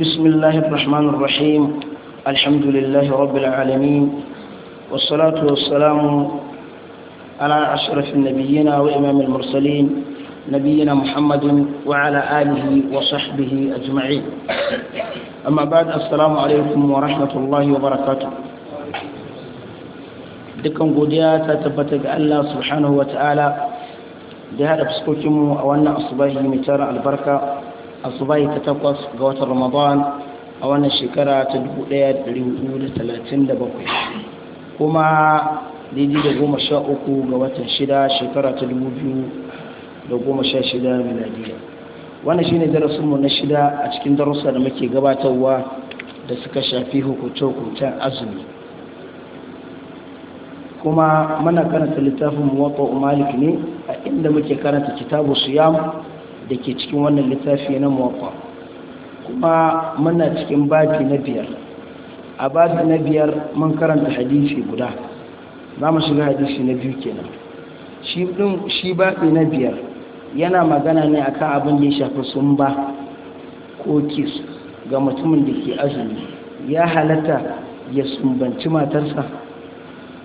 بسم الله الرحمن الرحيم الحمد لله رب العالمين والصلاة والسلام على أشرف النبيين وإمام المرسلين نبينا محمد وعلى آله وصحبه أجمعين أما بعد السلام عليكم ورحمة الله وبركاته دكم godiya ta الله سبحانه وتعالى دهار wa ta'ala da ya البركة fuskokinmu asubahi ta takwas ga watan ramadan a wannan shekara ta 1437 kuma daidai da goma sha uku ga watan shida shekara ta 2016 miladiya wannan shine darasinmu na shida a cikin darussa da muke gabatarwa da suka shafi hukuce hukuncen azumi kuma mana karanta littafin muwatta maliki ne a inda muke karanta kitabu su yamu. da ke cikin wannan littafi na mawaƙa kuma muna cikin babi na biyar a babi na biyar mun karanta hadisi guda za mu shiga hadisi na biyu kenan shi din shi babi na biyar yana magana ne akan abin da ya shafi sumba ko kis ga mutumin da ke azumi ya halatta ya sumbanci matarsa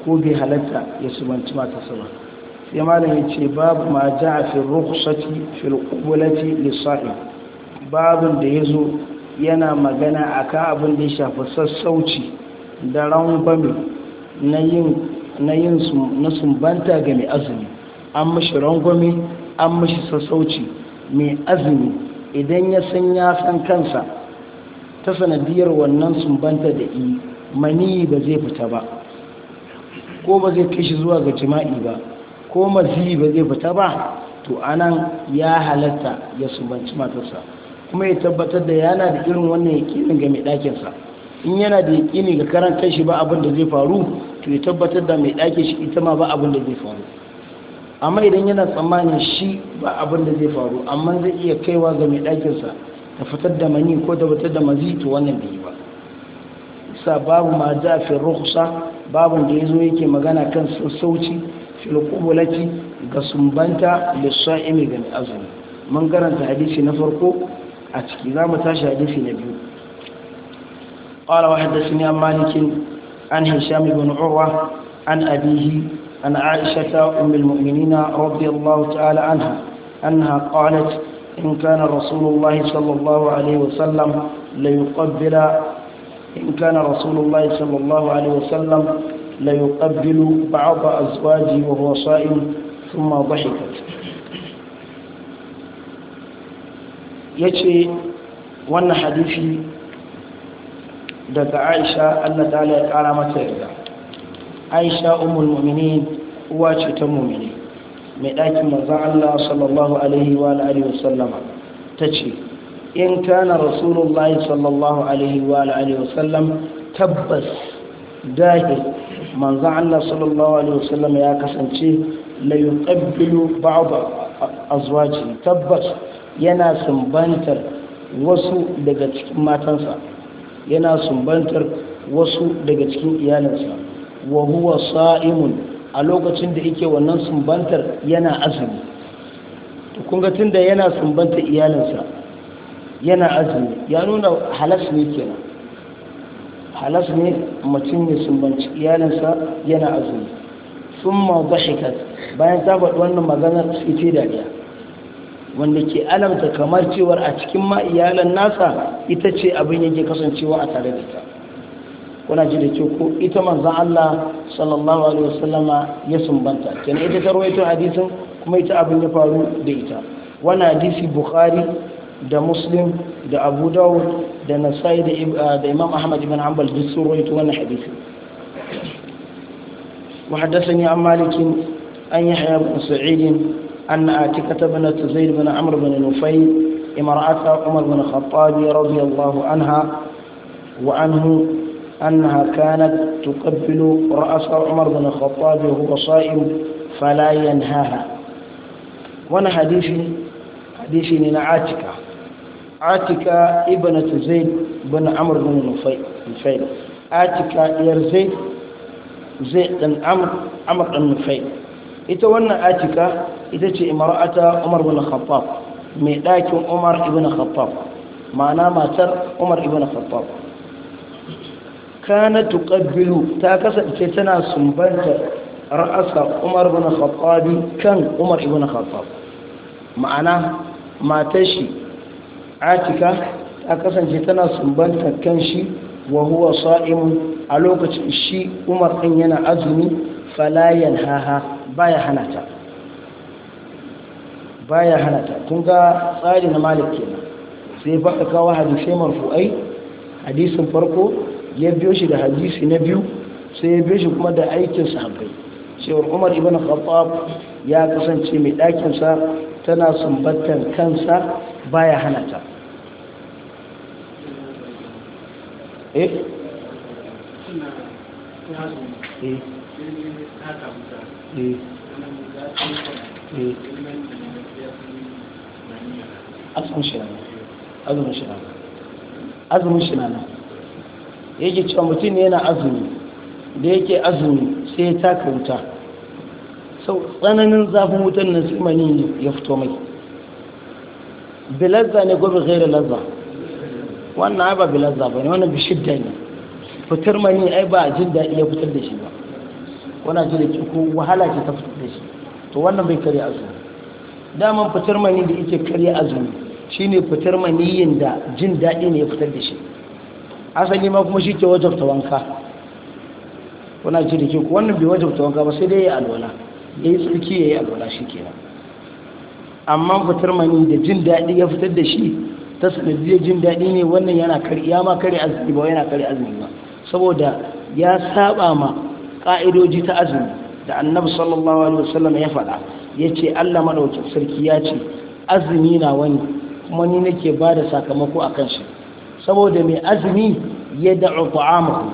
ko bai halatta ya sumbanci matarsa ba sai Malami ya ce babu ma ja a fi rukusati filkulati lissahi babin da ya zo yana magana a ka abin da ya shafi sassauci da rangwame na yin na sumbanta ga mai azumi an mashi rangwame an mashi sassauci mai azumi idan ya san ya san kansa ta sanadiyar wannan sumbanta da yi mani ba zai fita ba ko ba zai kai shi zuwa ga jima'i ba ko mazili ba zai fita ba to anan ya halatta ya sumbanci matarsa kuma ya tabbatar da yana da irin wannan yakinin ga mai ɗakinsa in yana da yakini ga karantar kanshi ba abin da zai faru to ya tabbatar da mai ɗakin shi ita ma ba abin da zai faru amma idan yana tsammanin shi ba abin da zai faru amma zai iya kaiwa ga mai ɗakinsa ta fitar da mani ko ta fitar da mazi to wannan bai yi ba sa babu ma zafin fi babu da yazo yake magana kan sassauci filkubulati ga sumbanta lissa'imi ga azumi mun karanta hadisi na farko a ciki za mu tashi hadisi na biyu qala wa haddathani an malik an hisham ibn urwa an abihi an aisha umm almu'minin radiyallahu ta'ala anha annaha qalat in kana rasulullah sallallahu alayhi wa sallam la yuqabbila in kana rasulullah sallallahu alayhi wa sallam ليقبل بعض أزواجي وهو صائم ثم ضحكت yace wannan hadisi daga Aisha Allah ta'ala ya kara mata yarda Aisha ummul mu'minin uwa ce ta mu'mini mai ɗakin manzon Allah sallallahu alaihi wa alihi wasallama tace in kana rasulullahi sallallahu alaihi wa alihi tabbas dahil Manzan Allah sallallahu alaihi wasallam ya kasance la a zuwa ce. tabbas yana sumbantar wasu daga cikin matansa yana sumbantar wasu daga cikin iyalinsa wa huwa sa'imun a lokacin da yake wannan sumbantar yana azumi kun ga tunda yana sumbantar iyalinsa yana azumi ya nuna halas ne kenan halas ne mutum ya sumbanci iyalinsa yana azumi sun ma bashikat bayan ta faɗi wannan maganar su ce dariya wanda ke alamta kamar cewar a cikin ma iyalan nasa ita ce abin yake kasancewa a tare da ita kuna ji da ko ita manzan Allah sallallahu alaihi wasallama ya sumbanta kenan ita ta rawaito hadisin kuma ita abin ya faru da ita wannan hadisi bukhari da muslim da abu dawud da nasai da imam ahmad ibn hanbal duk sun rawaito wannan hadisi وحدثني عن مالك أن يحيى بن سعيد أن آتكة بنت زيد بن عمرو بن نفيل امرأة عمر بن الخطاب رضي الله عنها وعنه أنها كانت تقبل رأس عمر بن الخطاب وهو صائم فلا ينهاها وانا حديثي حديثي لنا عاتكة atika ibnatu zaid bin amr bin nufail atika diyar zaid zaid dan amr amr dan nufail ita wannan atika ita ce imra'ata umar bin khattab mai dakin umar ibn khattab ma'ana matar umar ibn khattab kana tuqabbilu ta kasance tana sumbanta ra'asa umar bin khattabi kan umar ibn khattab ma'ana matar shi atika ta kasance tana sumbanta kan shi wa huwa sa'im a lokacin shi umar din yana azumi fala yanhaha baya hana baya hana kun ga tsari na malik kenan sai baka kawo hadisai marfu'ai hadisin farko ya biyo shi da hadisi na biyu sai ya biyo shi kuma da aikin sahabbai cewar umar ibn khattab ya kasance mai ɗakinsa tana sumbantan kansa baya hana ta Eh? Eh. Eh. azumin shi na yake cewa mutum ne yana azumi da yake azumi sai ya taka wuta sau tsananin zafin wutan nan sai mani ya fito mai bilazza ne gobe gairar lazza wannan ai ba bilazza ba ne wannan shidda ne fitar mani ai ba jin daɗi ya fitar da shi ba wana ji da ko wahala ce ta fitar da shi to wannan bai karya azumi daman fitar mani da yake karya azumi shine fitar maniyin da jin daɗi ne ya fitar da shi asali ma kuma shi ke wajabta wanka wana ji da ko wannan bai wajabta wanka ba sai dai ya alwala ya yi yayi ya yi alwala shi kenan amma fitar mani da jin daɗi ya fitar da shi ta sanadiyar jin daɗi ne wannan yana kari ya ma azumi ba yana kare azumi ba saboda ya saba ma ka'idoji ta azumi da annabi sallallahu alaihi wasallam ya faɗa ya ce allah maɗaukin sarki ya ce azumi na wani kuma ni nake ba da sakamako a kan shi saboda mai azumi ya da'u ta'amahu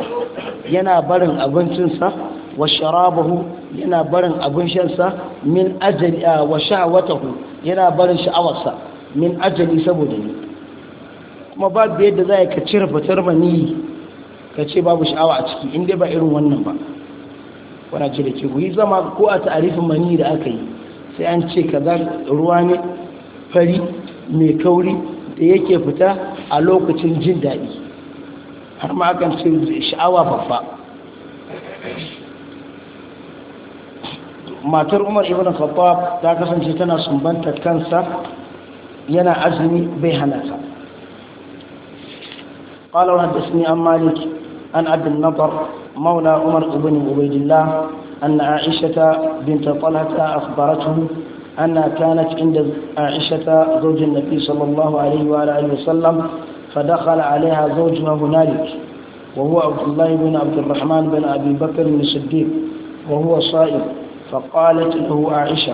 yana barin abincinsa wa sharabahu yana barin abin shansa min ajali wa sha'awatahu yana barin sha'awarsa min ajali saboda ni kuma babu yadda za a yi ka cire fitar maniyi ka ce babu sha'awa a ciki inda ba irin wannan ba wana ce da ke yi zama ko a ta'arifin mani da aka yi sai an ce kaza ruwa ne fari mai kauri da yake fita a lokacin jin daɗi har ma akan ce sha'awa babba matar umar ibn khattab ta kasance tana sumbantar kansa yana azumi bai hana ta قال وحدثني عن مالك عن عبد النضر مولى عمر بن عبيد الله أن عائشة بنت طلحة أخبرته أنها كانت عند عائشة زوج النبي صلى الله عليه وآله وسلم فدخل عليها زوجها هنالك وهو عبد الله بن عبد الرحمن بن أبي بكر بن الصديق وهو صائم فقالت له عائشة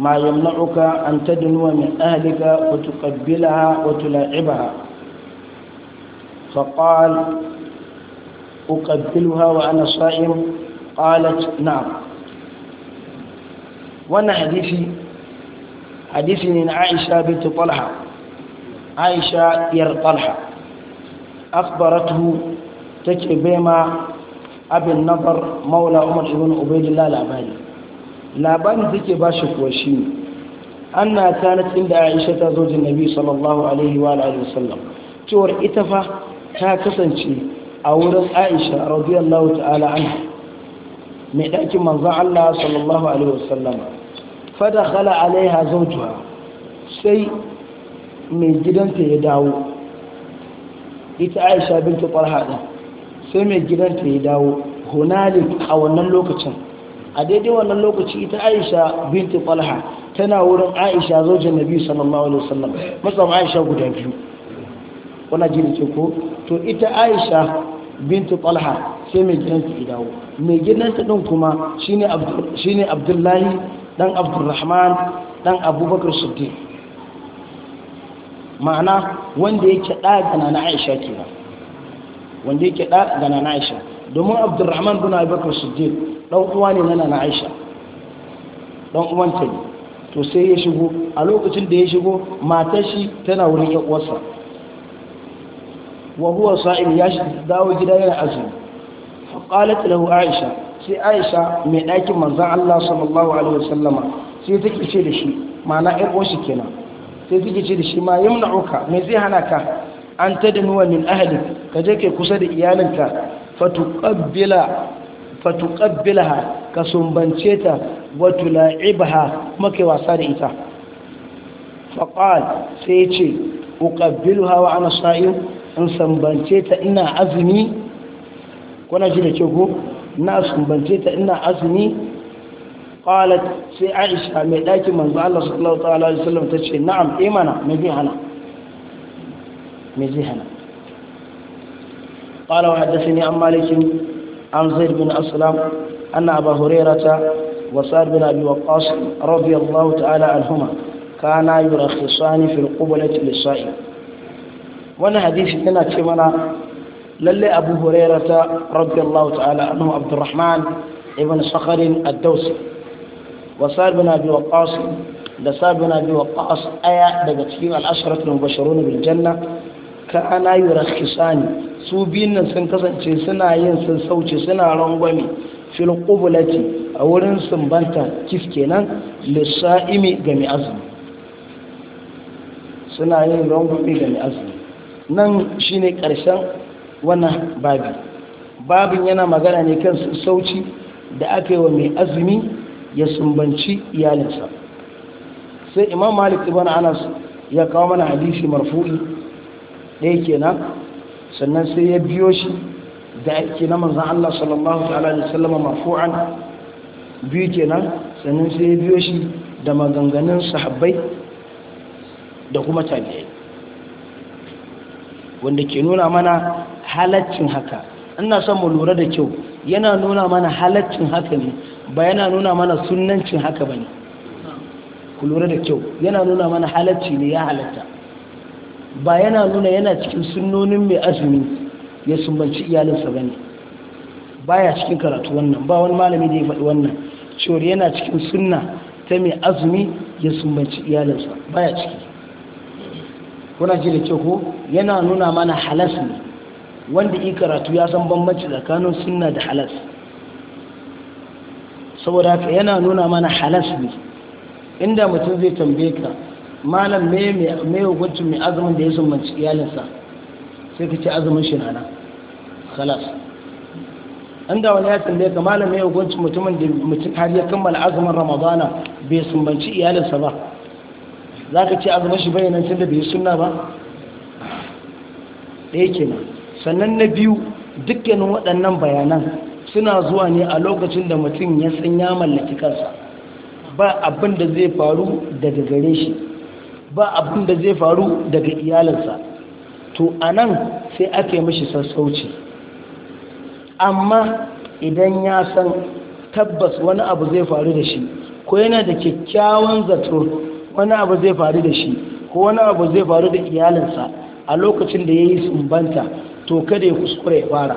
ما يمنعك أن تدنو من أهلك وتقبلها وتلاعبها فقال أقبلها وأنا صائم قالت نعم وانا حديثي حديثي من عائشة بنت طلحة عائشة ير طلحة أخبرته تكبيما أبي النظر مولى عمر بن عبيد الله العبادي labarin ذكي باشك وشين kuwa كانت عند عائشة زوج النبي صلى الله عليه وآله وسلم تور إتفا ta kasance a wurin aisha radiyallahu ta'ala an mai ɗakin manzan Allah sallallahu alaihi wasallam fada khala alaiha zautuwa sai mai gidanta ya dawo ita aisha binta farha din sai mai gidanta ya dawo hunalik a wannan lokacin a daidai wannan lokaci ita aisha binta falha tana wurin aisha zojin nabi sallallahu alaihi wasallam matsam aisha guda biyu wala jini da ce ko to ita aisha bintu talha sai mai gidanta ya dawo mai gidanta din kuma shine abdullahi dan abdurrahman dan abubakar siddiq ma'ana wanda yake ɗaya gana na aisha kenan wanda yake ɗaya gana na aisha domin abdurrahman bin abubakar siddiq ɗan uwa ne na na aisha uwan uwanta ne to sai ya shigo a lokacin da ya shigo matashi tana wurin yan uwarsa wa huwa sa'im ya dawo gida yana azumi fa qalat lahu aisha sai aisha mai ɗakin manzon Allah sallallahu alaihi wasallama sai take ce da shi ma'ana ƴar uwar kenan sai take ce da shi ma yamna'uka me zai hana ka an tadnuwa min ahali. ka je kai kusa da iyalinka fatuqabbila fatuqabbilaha ka sumbance ta wa tula'ibaha kuma kai wasa da ita faqal sai ya ce uqabbiluha wa ana sa'im an sambance ta ina azumi kuna ji da ke ko na sambance ta ina azumi qalat sai aisha mai daki manzo Allah sallallahu ta'ala alaihi wasallam tace na'am imana me zai hana me zai hana qala wa hadathani an malik an zaid bin aslam anna abu hurairata sa'd bin abi وقاص radiyallahu ta'ala anhuma kana yurakhisani fil في lis-sa'i wani hadisi yana ce mana lalle abu hurera ta radiyallahu ta'ala anhu abdurrahman ibn sakharin Addausi wa sa'd na abi waqas da sa'd na abi waqas aya daga cikin al-ashratul basharun bil janna ka ana yurakhisani su biyun nan sun kasance suna yin sun sauce suna rangwame fil qublati a wurin sumbanta kif kenan lisa'imi ga mai azumi suna yin rangwame ga mai azumi nan shine ƙarshen wannan babi babin yana magana ne kan sauci da aka yi wa mai azumi ya sumbanci iyalinsa sai imam malik ibn anas ya kawo mana hadisi marfu'i ɗaya kenan sannan sai ya biyo shi da ake na manzan Allah sallallahu alaihi wasallama marfu'an biyu kenan sannan sai ya biyo shi da maganganun sahabbai da kuma tabi'ai wanda ke nuna mana halaccin haka ina son mu lura da kyau yana nuna mana halaccin haka ne ba yana nuna mana sunancin haka ba ne ku lura da kyau yana nuna mana halacci ne ya halatta ba yana nuna yana cikin sunonin mai azumi ya sumbanci iyalinsa ba ne ba ya cikin karatu wannan ba wani malami da ya faɗi wannan cewar yana cikin sunna ta mai azumi ya sumbanci iyalinsa ba ya ciki kuna ji da ce ko yana nuna mana halas ne wanda yi karatu ya san bambanci tsakanin sunna da halas saboda haka yana nuna mana halas ne inda mutum zai tambaye ka malam me me hukuncin mai azumin da ya manci iyalinsa sai ka ce azumin shi nana halas inda wani ya tambaye ka malam me hukuncin mutumin da mutum har ya kammala azumin ramadana bai manci iyalinsa ba za ka ce azumin shi bayanan sun da bai suna ba ɗaya kenan sannan na biyu dukkanin waɗannan bayanan suna zuwa ne a lokacin da mutum ya san ya mallaki kansa ba abin da zai faru daga gare shi ba abin da zai faru daga iyalinsa to a nan sai ake mashi sassauci amma idan ya san tabbas wani abu zai faru da shi ko yana da kyakkyawan zato wani abu zai faru da shi ko wani abu zai faru da iyalinsa a lokacin da ya yi sumbanta to kada ya kuskure ya fara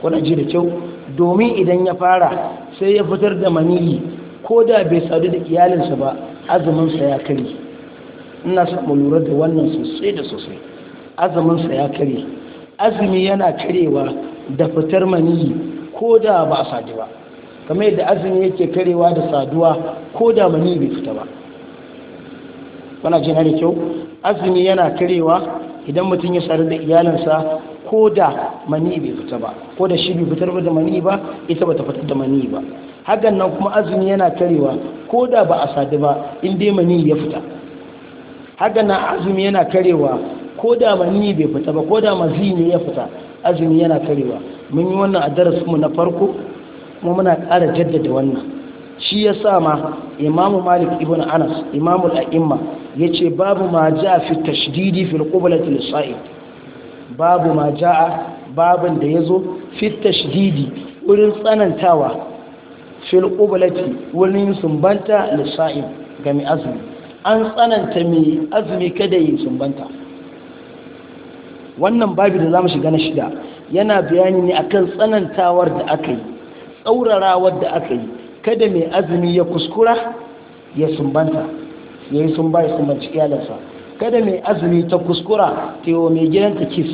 kuna ji da kyau domin idan ya fara sai ya fitar da maniyi ko da bai sadu da iyalinsa ba azuminsa ya kari ina samu lura da wannan sosai da sosai azuminsa ya kari azumi yana karewa da fitar maniyi ko da ba a sadu ba kamar yadda azumi yake karewa da saduwa ko da mani bai fita ba wana jina da kyau azumi yana karewa idan mutum ya sadu da iyalinsa ko da mani bai fita ba ko da shi bai fitar da mani ba ita ba ta fitar da mani ba hakan nan kuma azumi yana karewa ko da ba a sadu ba in dai mani ya fita hakan nan azumi yana karewa ko da mani bai fita ba ko da mazini ne ya fita azumi yana karewa mun yi wannan a darasinmu na farko kuma muna ƙara jaddada wannan shi ya sa ma imamu malik ibn anas imamu al'imma ya ce babu ma ja fi tashdidi fil qublatil tilisa'i babu ma ja'a babin da ya zo fi tashdidi wurin tsanantawa fil qublati wurin sumbanta lissa'i ga mai azumi an tsananta mai azumi kada yi sumbanta wannan babu da za mu shiga na shida yana bayani ne akan tsanantawar da aka yi tsaurara wadda aka yi kada mai azumi ya kuskura ya sumbanta ya yi sumba ya sumbanci iyalinsa kada mai azumi ta kuskura ta yi wa mai gidanta kis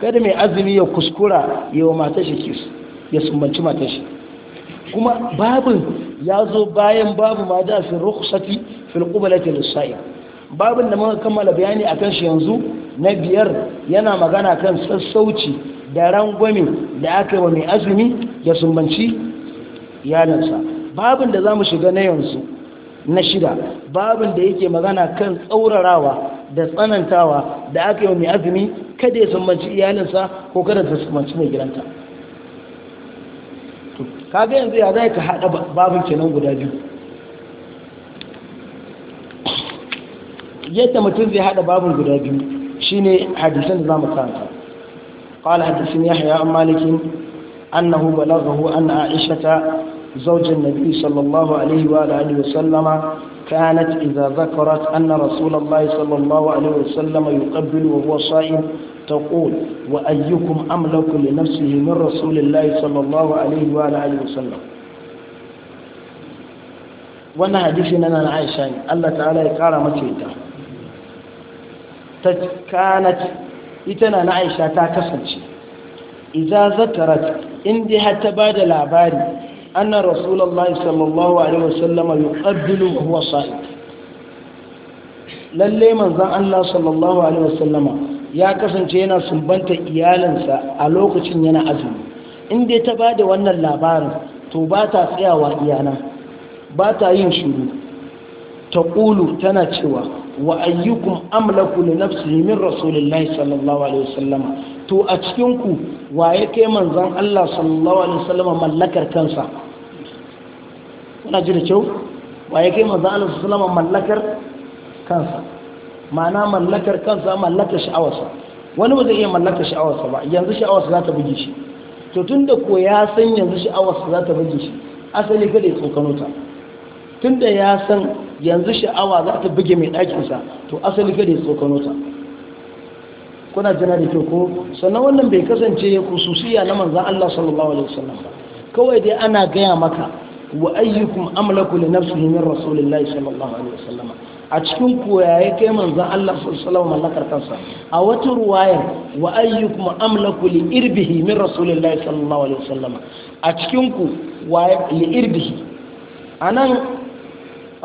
kada mai azumi ya kuskura ya wa matashi kis ya sumbanci matashi kuma babin ya zo bayan babu ma da fi rukhsati fil qubalati lis-sa'im babin da muka kammala bayani akan shi yanzu na biyar yana magana kan sassauci da rangwami da aka yi wa mai azumi ya sumbanci yanarsa babin da za mu shiga na yanzu na shida babin da yake magana kan tsaurarawa da tsanantawa da aka yi wa mai azumi kada ya sumbanci iyalinsa ko kada ta sumbanci mai gidanta kaga yanzu ya zai ka haɗa babin kenan guda biyu yadda mutum zai haɗa babin guda biyu shine hadisan da za mu karanta قال حدثني يحيى عن مالك أنه بلغه أن عائشة زوج النبي صلى الله عليه وآله وسلم كانت إذا ذكرت أن رسول الله صلى الله عليه وسلم يقبل وهو صائم تقول وأيكم أملك لنفسه من رسول الله صلى الله عليه وآله وسلم وانا حديثنا أنا عائشة الله تعالى Allah ta'ala كانت ita na aisha ta kasance iza in dai har ta ba da labari anna rasulullah sallallahu alaihi wasallam yuqaddilu wa huwa sa'id lalle manzon Allah sallallahu alaihi wasallama ya kasance yana sumbanta iyalinsa a lokacin yana azumi dai ta ba da wannan labarin to ba ta tsayawa iyana ba ta yin shiru ta ƙulu tana cewa wa ayyukum amlaku li nafsihi min rasulillahi sallallahu alaihi wasallama to a cikin ku waye kai manzon Allah sallallahu alaihi wasallama mallakar kansa kuna ji da kyau waye kai manzon Allah sallallahu alaihi mallakar kansa ma'ana mallakar kansa sha'awarsa wani ba zai iya mallakar sha'awarsa ba yanzu sha'awarsa za ta buge shi to tunda ko ya san yanzu sha'awarsa za ta buge shi asali kada ya tsokano ta tun da ya san yanzu sha'awa za ta buge mai ɗakinsa to asali kada ya tsokano ta kuna jina da ko sannan wannan bai kasance ya kususiya na manzan Allah sallallahu alaihi wasallam ba kawai dai ana gaya maka wa ayyukum amlaku li nafsihi min rasulillahi sallallahu alaihi wasallam a cikin koyaye kai manzan Allah sallallahu mallakar kansa a wata ruwaya wa ayyukum amlaku li irbihi min rasulillahi sallallahu alaihi wasallam a cikin ku wa li irbihi anan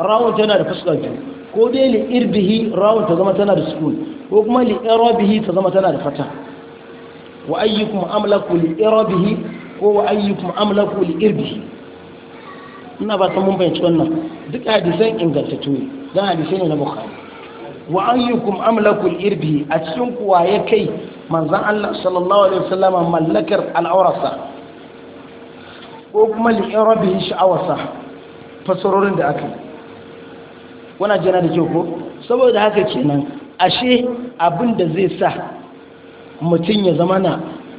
rawon tana da fuskar biyu ko dai li irbihi rawon ta zama tana da sukun ko kuma li irabihi ta zama tana da fata wa ayyukum amlaku li irabihi ko wa ayyukum amlaku li irbihi ina ba ta mun bayyana wannan duk hadisan ingantattu ne dan hadisai ne na bukhari wa ayyukum amlaku li irbihi a cikin kuwa ya kai manzon Allah sallallahu alaihi wasallam mallakar al-awrasa ko kuma li irabihi sha'awasa fasarorin da aka yi wana jana da kyau ko saboda haka kenan ashe abin da zai sa mutum ya zama na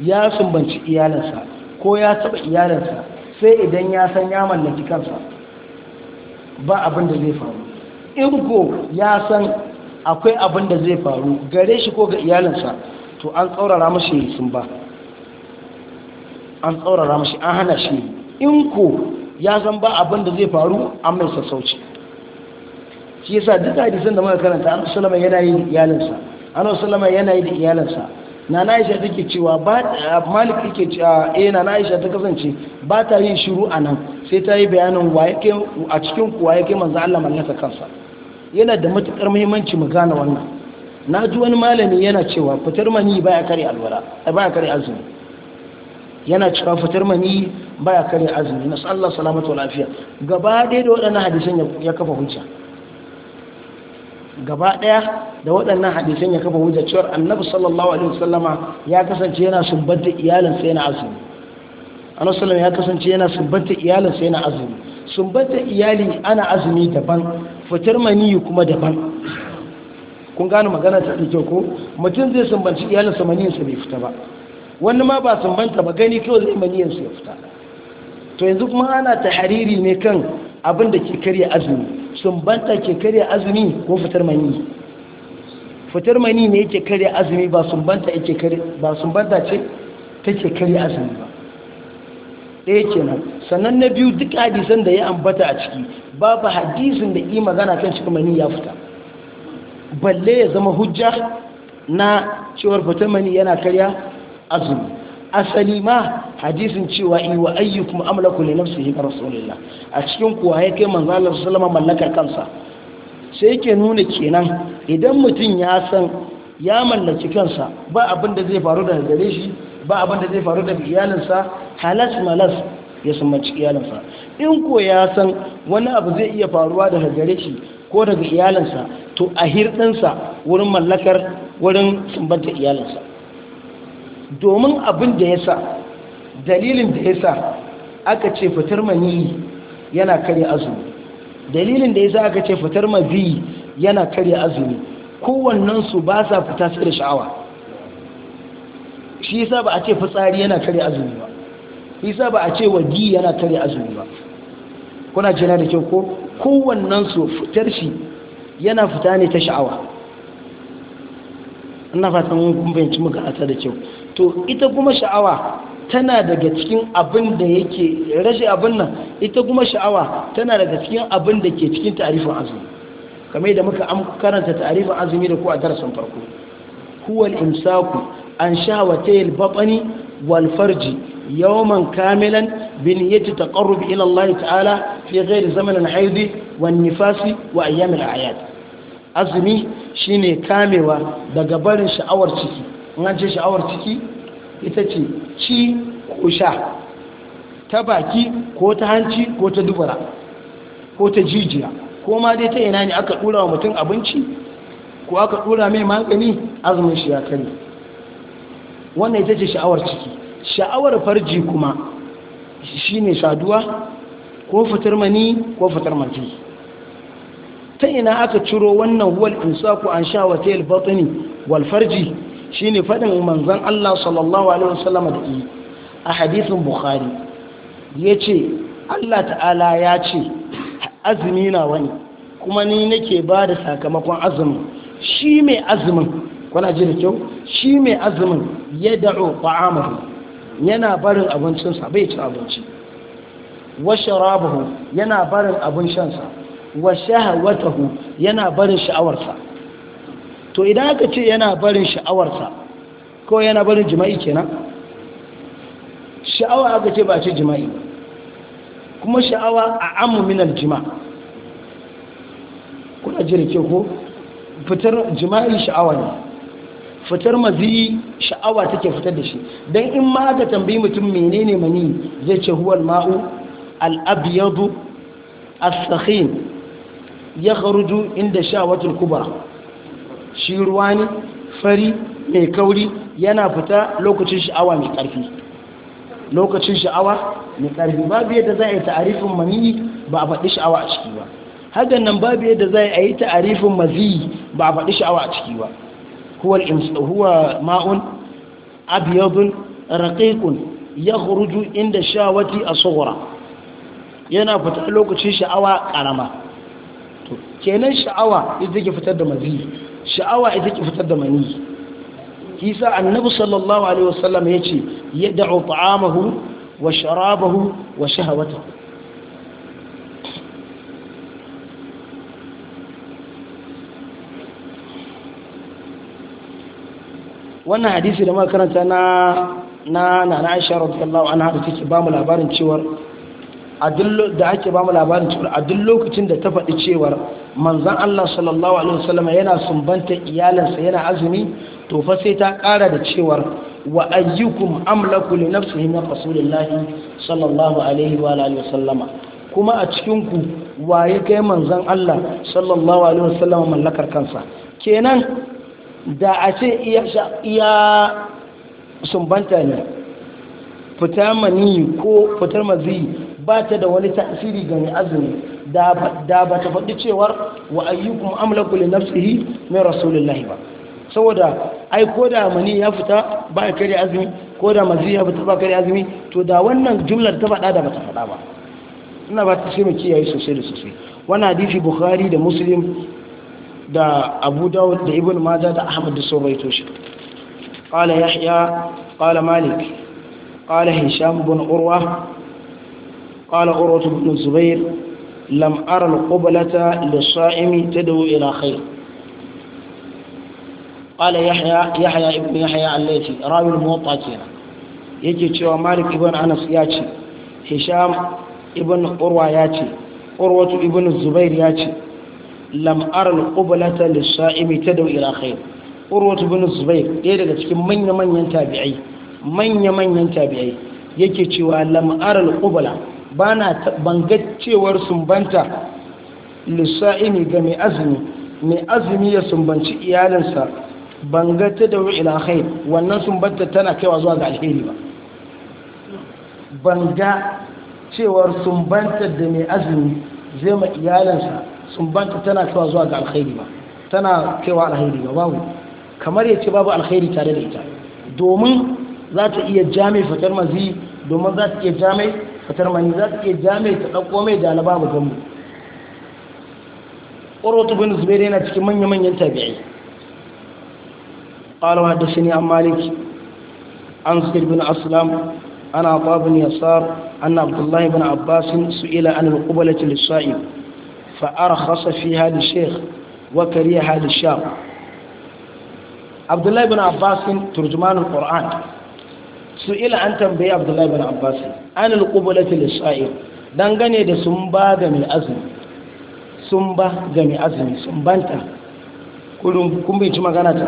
ya sumbanci iyalinsa ko ya taba iyalinsa sai idan ya san ya mallaki kansa ba abin da zai faru in ko ya san akwai abin da zai faru gare shi ko ga iyalinsa to an tsaurara mashi sun ba an tsaurara mashi an hana shi in ko ya san ba abin da zai faru an mai sassauci shi yasa duk hadisan da muka karanta annabi sallama yana yi iyalinsa annabi sallama yana yi da iyalinsa nana aisha take cewa ba malik yake cewa ah, eh nana aisha ta kasance ba ta yin shiru anan sai ta yi bayanin wa yake a cikin kuwa yake manzo Allah mallaka kansa yana da matukar muhimmanci mu gane wannan na ji wani malami yana cewa fitar mani baya kare alwara eh, baya kare azumi yana cewa fitar mani baya kare azumi nasallahu salamatu wa lafiya gaba dai da waɗannan hadisan ya kafa hujja gaba ɗaya da waɗannan hadisai ya kafa hujja cewar annabi sallallahu alaihi wasallama ya kasance yana subbanta iyalin sai na azumi annabi sallallahu ya kasance yana subbanta iyalin sai na azumi subbanta iyali ana azumi daban fitar maniyi kuma daban kun gane magana ta dake ko mutum zai sumbanci iyalin sa maniyin sa bai fita ba wani ma ba sumbanta ba gani kawai zai maniyin sa ya fita to yanzu kuma ana tahariri ne kan abin da ke karya azumi sumbanta ke karya azumi ko fitar mani fitar mani ne yake karya azumi ba sumbanta yake kare ba sumbanta ce take karya azumi ba ɗaya kenan sannan na biyu duk hadisan da ya ambata a ciki babu hadisin da yi magana kan cikin mani ya fita balle ya zama hujja na cewar fitar mani yana karya azumi asali ma hadisin cewa in wa ayyukum amlaku li nafsihi ka rasulillah a cikin kuwa ya kai manzo Allah sallama mallakar kansa sai yake nuna kenan idan mutum ya san ya mallaki kansa ba abin da zai faru da gare shi ba abin da zai faru da iyalinsa halas malas ya mace iyalinsa in ko ya san wani abu zai iya faruwa da gare shi ko daga iyalinsa to a hirdinsa wurin mallakar wurin sumbanta iyalinsa domin abin da ya sa dalilin da ya sa aka ce fitar maniyi yana kare azumi dalilin da ya sa aka ce fitar mabiyi yana kare azumi kowannensu ba sa fita su da sha'awa shi yasa ba a ce fitsari yana kare azumi ba shi yasa ba a ce wadi yana kare azumi ba kuna jina da kyau ko kowannensu fitar shi yana fita ne ta sha'awa ina fatan kun fahimci muka asa da kyau to ita kuma sha'awa tana daga cikin abin da yake rashin abin nan ita kuma sha'awa tana daga cikin abin da ke cikin tarifin azumi kamar da muka karanta tarifin azumi da ku a darasin farko huwal imsaku an shahawatayil babani wal farji yawman kamilan bi niyyati taqarrub ta'ala fi da zamanin al Wannifasi, nifasi wa ayyam ayat azumi shine kamewa daga barin sha'awar ciki an ce sha'awar ciki ita ce ci ko sha ta baki ko ta hanci ko ta dubara ko ta jijiya ko ma dai ta ina ne aka ɗura wa mutum abinci ko aka ɗura mai magani azumin shi ya kani wannan ita ce sha'awar ciki sha'awar farji kuma shi ne saduwa ko fitar mani ko fitar mafi ta ina aka ciro wannan huwal insaku an sha wa tayil batni wal farji shine faɗin manzon Allah sallallahu alaihi wasallam da yi a hadisin bukhari Ya ce Allah ta'ala ya ce azumi na wani kuma ni nake ba da sakamakon azumin shi mai azumin kuna ji da kyau shi mai azumin ya da'o ba'amahu yana barin abincinsa bai ci abinci wa sharabahu yana barin abin shansa wa yana barin sha'awarsa to idan aka ce yana barin sha'awarsa ko yana barin jima'i kenan sha'awa aka ce ba ce jima'i kuma sha'awa a amu minal jima kuna jira ke ko fitar jima'i sha'awa ne fitar mazi sha'awa take fitar da shi don in ma aka tambayi mutum menene mani zai ce huwal ma'u al'abiyadu as-sakhin ya kharuju inda sha'awatul kubra shi ruwa ne fari mai kauri yana fita lokacin sha'awa mai ƙarfi lokacin sha'awa mai ƙarfi babu yadda za a yi ta'arifin maniyi ba a faɗi sha'awa a ciki ba hakan nan babu yadda za a yi ta'arifin maziyi ba a faɗi sha'awa a ciki ba huwa ma'un abiyadun raqiqun yakhruju inda shawati as-sughra yana fita lokacin sha'awa karama kenan sha'awa ita ke fitar da maziyi sha'awa ita ke fitar da mani kisa annabi sallallahu alaihi wasallam yace ya da'u ta'amahu wa sharabahu wa shahawatahu wannan hadisi da makaranta na na na Aisha radhiyallahu anha da take ba mu labarin cewar da ake ba mu labarin cewa a duk lokacin da ta faɗi cewar manzon Allah sallallahu alaihi wasallam yana sumbanta iyalansa yana azumi to fa sai ta ƙara da cewar wa ayyukum amlaku li nafsihi min rasulillahi sallallahu alaihi wa alihi kuma a cikin ku waye kai manzon Allah sallallahu alaihi mallakar kansa kenan da a ce iya sumbanta ne Fitamani mani ko fitar mazi ba ta da wani tasiri ga mai azumi da ba ta faɗi cewar wa ayyukum amlaku li nafsihi min rasulillahi ba saboda ai ko da mani ya fita ba a kare azumi ko da mazi ya fita ba kare azumi to da wannan jumlar ta faɗa da ba ta faɗa ba ina ba ta sai mu kiyaye sosai da sosai wani hadisi bukhari da muslim da abu dawud da ibn maza da ahmad da sobai shi قال yahya قال malik قال هشام بن عروه قال عروة بن الزبير لم أرى القبلة للصائم تدعو إلى خير قال يحيى يحيى ابن يحيى الليثي راوي yake cewa malik ibn anas ya ce hisham ibn urwa ya ce urwatu ibn zubair ya ce lam aral qublata lis-sa'imi tad'u ila khair urwatu ibn zubair ɗaya daga cikin manya manyan tabi'ai manya manyan tabi'ai yake cewa lam aral ba na cewar sumbanta lissa'ini ga mai azumi mai azumi ya sumbanci iyalinsa bangata da ila khair wannan sumbanta tana kaiwa zuwa ga alheri ba banga cewar sumbanta da mai azumi zai ma iyalinsa sumbanta tana kaiwa zuwa ga alheri ba tana kaiwa alheri ba babu kamar ya ce babu alheri tare da ita domin za ta iya jami fatar mazi domin za ta iya jami fatar mani za ta iya jami'a ta ɗauko mai dalaba ba gamu urwatu bin zubair yana cikin manya-manyan tabi'ai qala hadathani an malik an sir bin aslam an ata bin yasar an abdullah bin abbas su'ila an al-qubalati lis-sa'ib fa arkhasa fiha li-shaykh wa kariha li-shab abdullah bin abbas turjuman al-quran su ila an tambayi abdullahi bin abbas an alqubulati lisa'ir dangane da sun ba ga mai azumi sun ba ga mai azumi sun banta kullum kun bai ci magana ta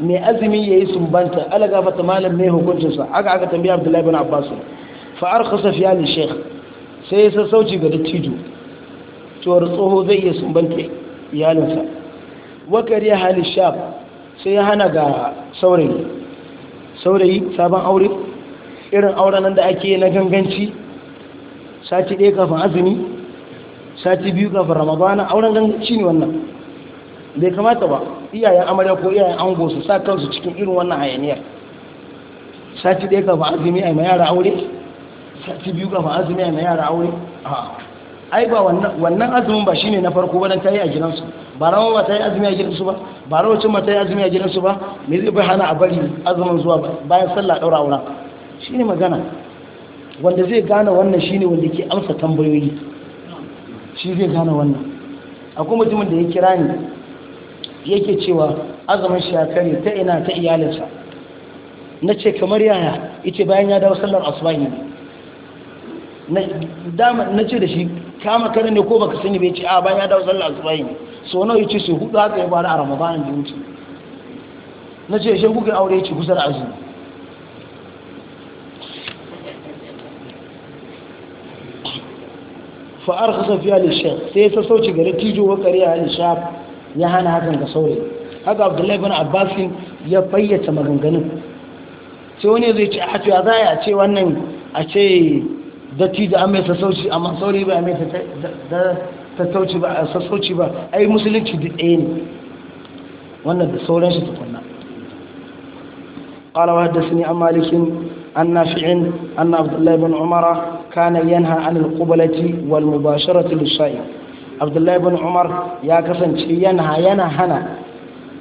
mai azumi yayi sun banta alaga ta malam mai hukuncin sa aka aka tambayi abdullahi bin abbas fa arkhasa fi ali sheikh sai ya sassauci ga dattijo cewar tsoho zai iya sun banta iyalinsa wakari hali shaf sai ya hana ga saurayi saurayi sabon aure irin auren nan da ake na ganganci sati ɗaya kafin azumi sati biyu kafin ramadana auren ganganci ne wannan bai kamata ba iyayen amarya ko iyayen ango su sa kansu cikin irin wannan hayaniyar sati ɗaya kafin azumi a yara aure sati biyu kafin azumi a yara aure ai ba wannan azumin ba shine na farko wadanda ta yi a gidansu ba rawa mata yi azumi a gidansu ba ba rawa cin ta yi azumi a gidansu ba me zai bai hana a bari azumin zuwa bayan sallah daura aura ne magana wanda zai gane wannan shi ne wanda ke amsa tambayoyi shi zai gane wannan akwai mutumin da ya kira ni yake cewa azumin shi ya ta ina ta iyalinsa na ce kamar yaya ita bayan ya dawo sallar asubahi ne na ce da shi kama kare ne ko baka sani bai ce a bayan ya dawo sallar asubahi ne so nawa yace shi hudu aka ya bada a ramadanin da wuce na ce shi kuka aure ci kusa da azumi fa'ar kasa fiya lishaf sai ta sauci gari tijo wa kariya lishaf ya hana hakan ga saurayi haka abdullahi bin abbasin ya fayyace maganganun sai wani zai ce a ya za a ce wannan a ce datti da an mai sassauci amma saurayi bai mai sassauci sassauci ba a sassoci ba yi musulunci duk ɗaya ne wannan da sauran shi tukunna qala wa haddathani an malikin an an na abdullahi bin umara kana yanha an alƙubalaji wal mubasharati lis abdullahi bin umar ya kasance yanha yana hana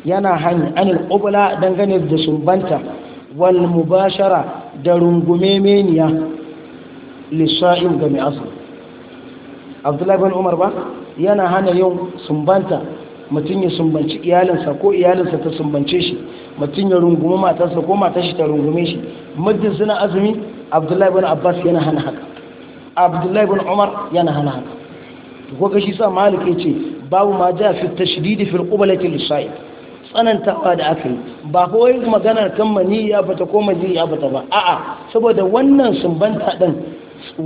yana hanyar an alƙubala dangane da sumbanta wal mubashara da rungume meniya lissa'in ga mai asali abdullahi bin umar ba yana hana yin sumbanta mutum ya sumbanci iyalinsa ko iyalinsa ta sumbance shi mutum ya rungumi matarsa ko matashi ta rungume shi muddin suna azumi abdullahi bin abbas yana hana haka abdullahi bin umar yana hana haka ko ga shi sa malik ya ce babu ma ja fi tashdidi fil qubalati lisai tsanantawa da aka yi ba kawai magana kan mani ya bata ko mani ya bata ba a'a saboda wannan sumbanta din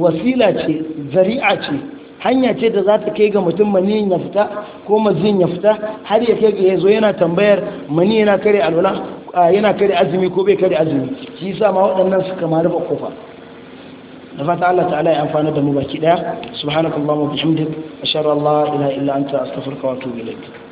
wasila ce zari'a ce hanya ce da za ta kai ga mutum mani ya fita ko mazin ya fita har ya kai ga yazo yana tambayar mani yana kare alwala yana kare azumi ko bai kare azumi shi yasa ma waɗannan suka ma kofa da fata Allah ta'ala ya amfana da mu baki daya subhanakallahumma wa bihamdika ashhadu an la ilaha illa anta astaghfiruka wa atubu ilaik